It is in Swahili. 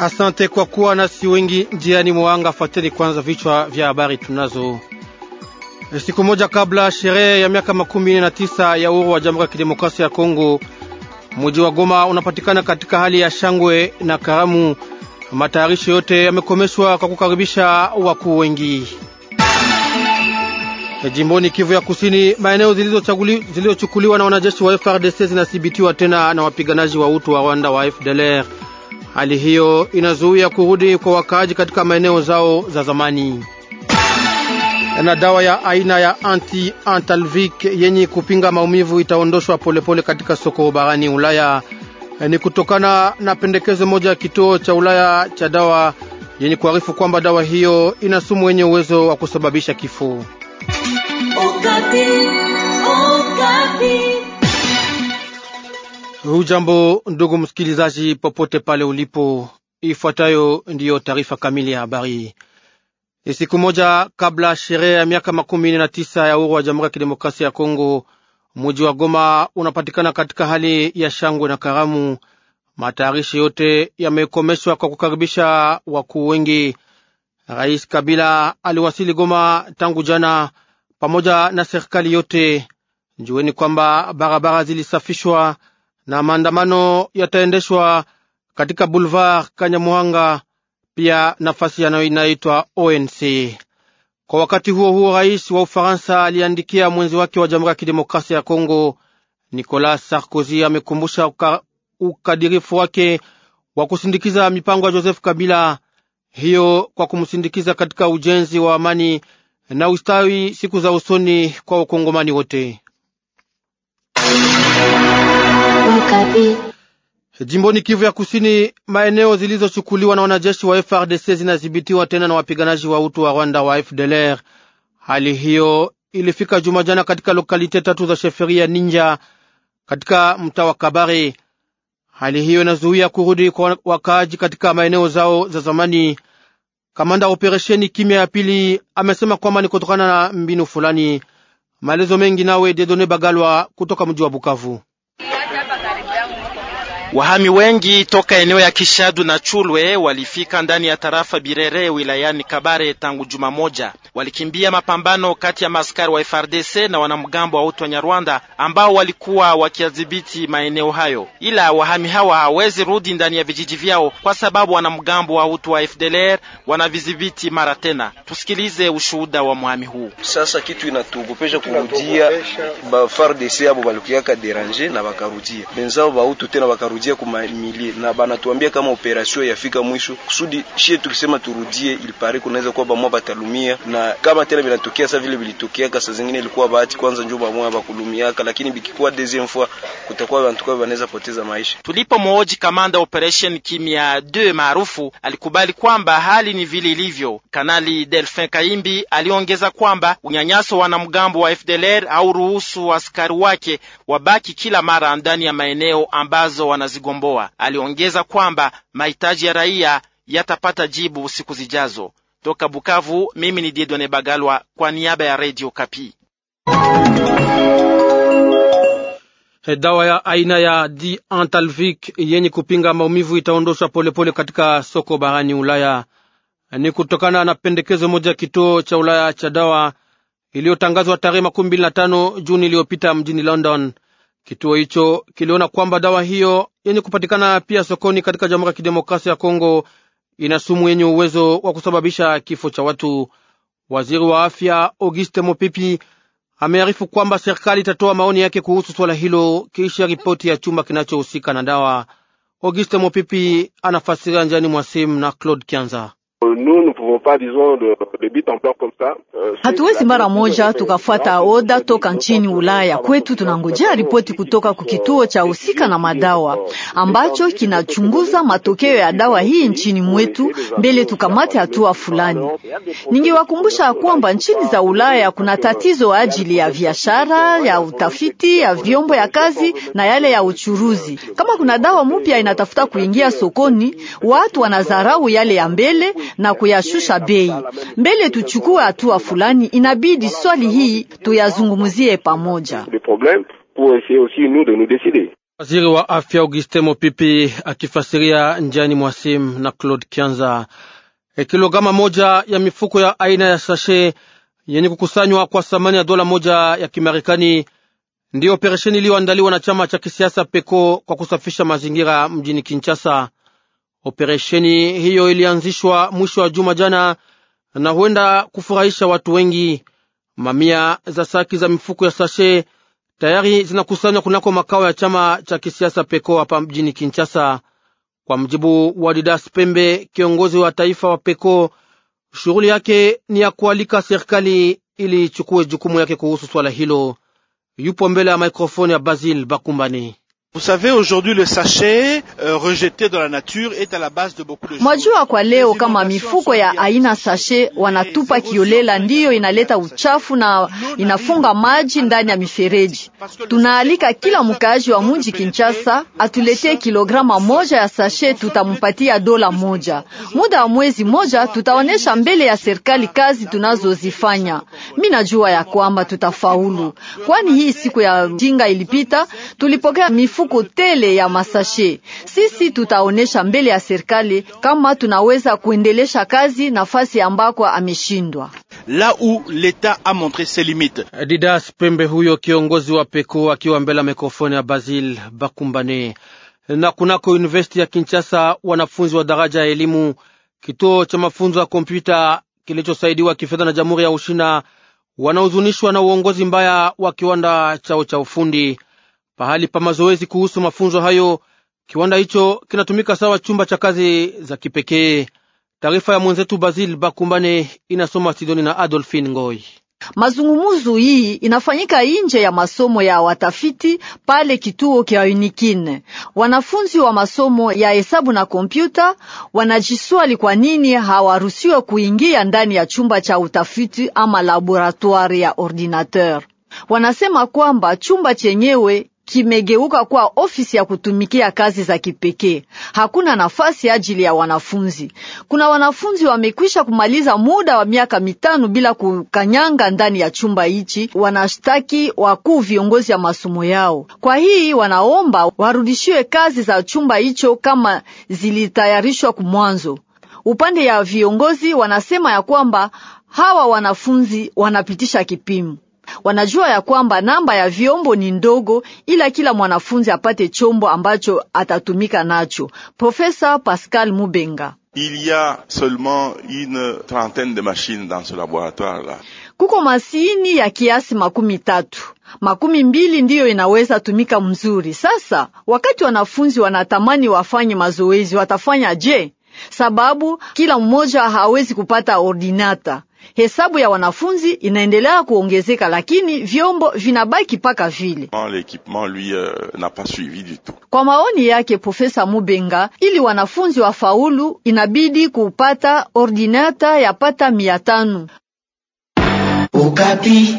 Asante kwa kuwa nasi wengi njiani mwanga. Fuateni kwanza vichwa vya habari tunazo. Siku moja kabla sherehe ya miaka makumi nne na tisa ya uhuru wa Jamhuri ya Kidemokrasia ya Kongo, mji wa Goma unapatikana katika hali ya shangwe na karamu. Matayarisho yote yamekomeshwa kwa kukaribisha wakuu wengi. Jimboni Kivu ya Kusini, maeneo zilizochukuliwa na wanajeshi wa FRDC zinasibitiwa tena na wapiganaji wa utu wa Rwanda wa FDLR. Hali hiyo inazuia kurudi kwa wakaaji katika maeneo zao za zamani. Na dawa ya aina ya anti antalvik yenye kupinga maumivu itaondoshwa polepole katika soko barani Ulaya. Ni kutokana na pendekezo moja ya kituo cha Ulaya cha dawa yenye kuarifu kwamba dawa hiyo ina sumu yenye uwezo wa kusababisha kifo. Hujambo ndugu msikilizaji, popote pale ulipo, ifuatayo ndiyo taarifa kamili ya habari. Siku moja kabla sherehe ya miaka makumi nne na tisa ya uhuru wa Jamhuri ya Kidemokrasia ya Kongo, mji wa Goma unapatikana katika hali ya shangwe na karamu. Matayarishi yote yamekomeshwa kwa kukaribisha wakuu wengi. Rais Kabila aliwasili Goma tangu jana pamoja na serikali yote. Jueni kwamba barabara zilisafishwa na maandamano yataendeshwa katika Boulevard Kanyamwanga pia nafasi yanayo inaitwa ONC. Kwa wakati huo huo, rais wa Ufaransa aliandikia mwenzi wake wa Jamhuri ya Kidemokrasia ya Kongo Nicolas Sarkozy amekumbusha uka, ukadirifu wake wa kusindikiza mipango ya Joseph Kabila, hiyo kwa kumsindikiza katika ujenzi wa amani na ustawi siku za usoni kwa wakongomani wote. Jimboni Kivu ya Kusini, maeneo zilizochukuliwa na wanajeshi wa FRDC zinadhibitiwa tena na wapiganaji wa utu wa Rwanda wa FDLR. Hali hiyo ilifika Jumajana katika lokalite tatu za sheferia Ninja katika mtaa wa Kabari. Hali hiyo inazuia kurudi kwa wakaaji katika maeneo zao za zamani. Kamanda operesheni kimya ya pili amesema kwamba ni kutokana na mbinu fulani. Maelezo mengi nawe Dedone Bagalwa kutoka mji wa Bukavu. Wahami wengi toka eneo ya Kishadu na Chulwe walifika ndani ya tarafa Birere wilayani Kabare tangu juma moja walikimbia mapambano kati ya maaskari wa frdc na wanamgambo wa utu wa Nyarwanda ambao walikuwa wakiadhibiti maeneo hayo, ila wahami hawa hawezi rudi ndani ya vijiji vyao kwa sababu wanamgambo wa utu wa FDLR wanavidhibiti mara tena. Tusikilize ushuhuda wa mwami huu. Sasa kitu inatuogopesha kurudia ba FRDC abo balikuaka derange na bakarudia benzao bautu tena bakarudia kumamilie na banatuambia kama operation yafika mwisho kusudi shie tukisema turudie ilipare kunaweza kuwa bamwa batalumia na kama tena vinatokea sasa vile vilitokea, kasa zingine ilikuwa bahati kwanza njoo bamoya hapa kulumiaka, lakini bikikuwa deuxième fois kutakuwa kwa wanaweza poteza maisha. Tulipo mwoji kamanda operation Kimya 2 maarufu alikubali kwamba hali ni vile ilivyo. Kanali Delphin Kaimbi aliongeza kwamba unyanyaso wanamgambo wa FDLR au ruhusu askari wake wabaki kila mara ndani ya maeneo ambazo wanazigomboa. Aliongeza kwamba mahitaji ya raia yatapata jibu siku zijazo. Toka Bukavu, mimi ni Diedone Bagalwa kwa niaba ya Radio Kapi. Eh, dawa ya aina ya Diantalvic yenye kupinga maumivu itaondoshwa polepole katika soko barani Ulaya. Eh, ni kutokana na pendekezo moja ya kituo cha Ulaya cha dawa iliyotangazwa tarehe makumi mbili na tano Juni iliyopita mjini London. Kituo hicho kiliona kwamba dawa hiyo yenye kupatikana pia sokoni katika Jamhuri ya Kidemokrasia ya Kongo ina sumu yenye uwezo wa kusababisha kifo cha watu. Waziri wa afya Auguste Mopipi amearifu kwamba serikali itatoa maoni yake kuhusu swala hilo kisha ripoti ya chumba kinachohusika na dawa. Auguste Mopipi anafasiria njani mwa simu na Claude Kianza. Euh, nous ne pouvons pas, disons, de, de bit en comme ça. Euh, hatuwezi mara moja tukafuata oda toka nchini Ulaya. Kwetu tunangojea ripoti euh, kutoka kwa kituo cha husika na madawa ambacho kinachunguza matokeo ya dawa hii nchini mwetu mbele tukamate hatua fulani. Ningewakumbusha kwamba nchini za Ulaya kuna tatizo ajili ya biashara, ya utafiti, ya vyombo ya kazi na yale ya uchuruzi. Kama kuna dawa mpya inatafuta kuingia sokoni, watu wanadharau yale ya mbele na kuyashusha bei. Mbele tuchukue hatua fulani, inabidi swali hii tuyazungumzie pamoja. Waziri wa afya Auguste Mopipi akifasiria njiani mwasim na Claude Kianza. E, kilograma moja ya mifuko ya aina ya sashe yenye kukusanywa kwa thamani ya dola moja ya Kimarekani ndiyo operesheni iliyoandaliwa na chama cha kisiasa Peko kwa kusafisha mazingira mjini Kinshasa. Operesheni hiyo ilianzishwa mwisho wa juma jana na huenda kufurahisha watu wengi. Mamia za saki za mifuko ya sashe tayari zinakusanywa kunako makao ya chama cha kisiasa Peko hapa mjini Kinshasa. Kwa mjibu wa Didas Pembe, kiongozi wa taifa wa Peko, shughuli yake ni ya kualika serikali ili ichukue jukumu yake kuhusu swala hilo. Yupo mbele ya maikrofoni ya Basil Bakumbani. Vous savez, aujourd'hui le sachet euh, rejeté dans la nature est à la base de beaucoup de choses. Mwajua kwa leo kama mifuko ya aina sachet wanatupa kiolela ndiyo inaleta uchafu na inafunga maji ndani ya mifereji. Tunaalika kila mkaaji wa mji Kinshasa atuletee kilograma moja ya sachet, tutampatia dola moja. Muda wa mwezi moja tutaonesha mbele ya serikali kazi tunazozifanya. Mimi najua ya kwamba tutafaulu. Kwani hii siku ya jinga ilipita tulipokea mifuko mifuko tele ya masashe. Sisi tutaonesha mbele ya serikali kama tunaweza kuendelesha kazi nafasi ambako ameshindwa la où l'État a montre ses limites. Didas Pembe huyo kiongozi wa peko akiwa mbele ya mikrofoni ya Basil Bakumbane. Na kunako University ya Kinshasa, wanafunzi wa daraja ya elimu, kituo cha mafunzo ya kompyuta kilichosaidiwa kifedha na Jamhuri ya Ushina, wanahuzunishwa na uongozi mbaya wa kiwanda chao cha ufundi pahali pa mazoezi kuhusu mafunzo hayo. Kiwanda hicho kinatumika sawa chumba cha kazi za kipekee. Taarifa ya mwenzetu Basil Bakumbane inasoma Sidoni na adolfin Ngoi. Mazungumuzo hii inafanyika inje ya masomo ya watafiti pale kituo kya Unikin. Wanafunzi wa masomo ya hesabu na kompyuta wanajiswali kwa nini hawaruhusiwe kuingia ndani ya chumba cha utafiti ama laboratoire ya ordinateur. Wanasema kwamba chumba chenyewe kimegeuka kuwa ofisi ya kutumikia kazi za kipekee. Hakuna nafasi ajili ya wanafunzi. Kuna wanafunzi wamekwisha kumaliza muda wa miaka mitano bila kukanyanga ndani ya chumba hichi, wanashtaki wakuu viongozi ya masomo yao. Kwa hii wanaomba warudishiwe kazi za chumba hicho kama zilitayarishwa kumwanzo. Upande ya viongozi wanasema ya kwamba hawa wanafunzi wanapitisha kipimo. Wanajua ya kwamba namba ya vyombo ni ndogo, ila kila mwanafunzi apate chombo ambacho atatumika nacho. Profesa Pascal Mubenga Il y a seulement une trentaine de machines dans ce laboratoire là. Kuko masini ya kiasi makumi tatu. Makumi mbili ndiyo inaweza tumika mzuri. Sasa wakati wanafunzi wanatamani wafanye mazoezi watafanya je? Sababu kila mmoja hawezi kupata ordinata. Hesabu ya wanafunzi inaendelea kuongezeka, lakini vyombo vinabaki paka vile. Euh, Kwa maoni yake Profesa Mubenga, ili wanafunzi wa faulu inabidi kupata ordinata ya pata mia tano. Ukapi.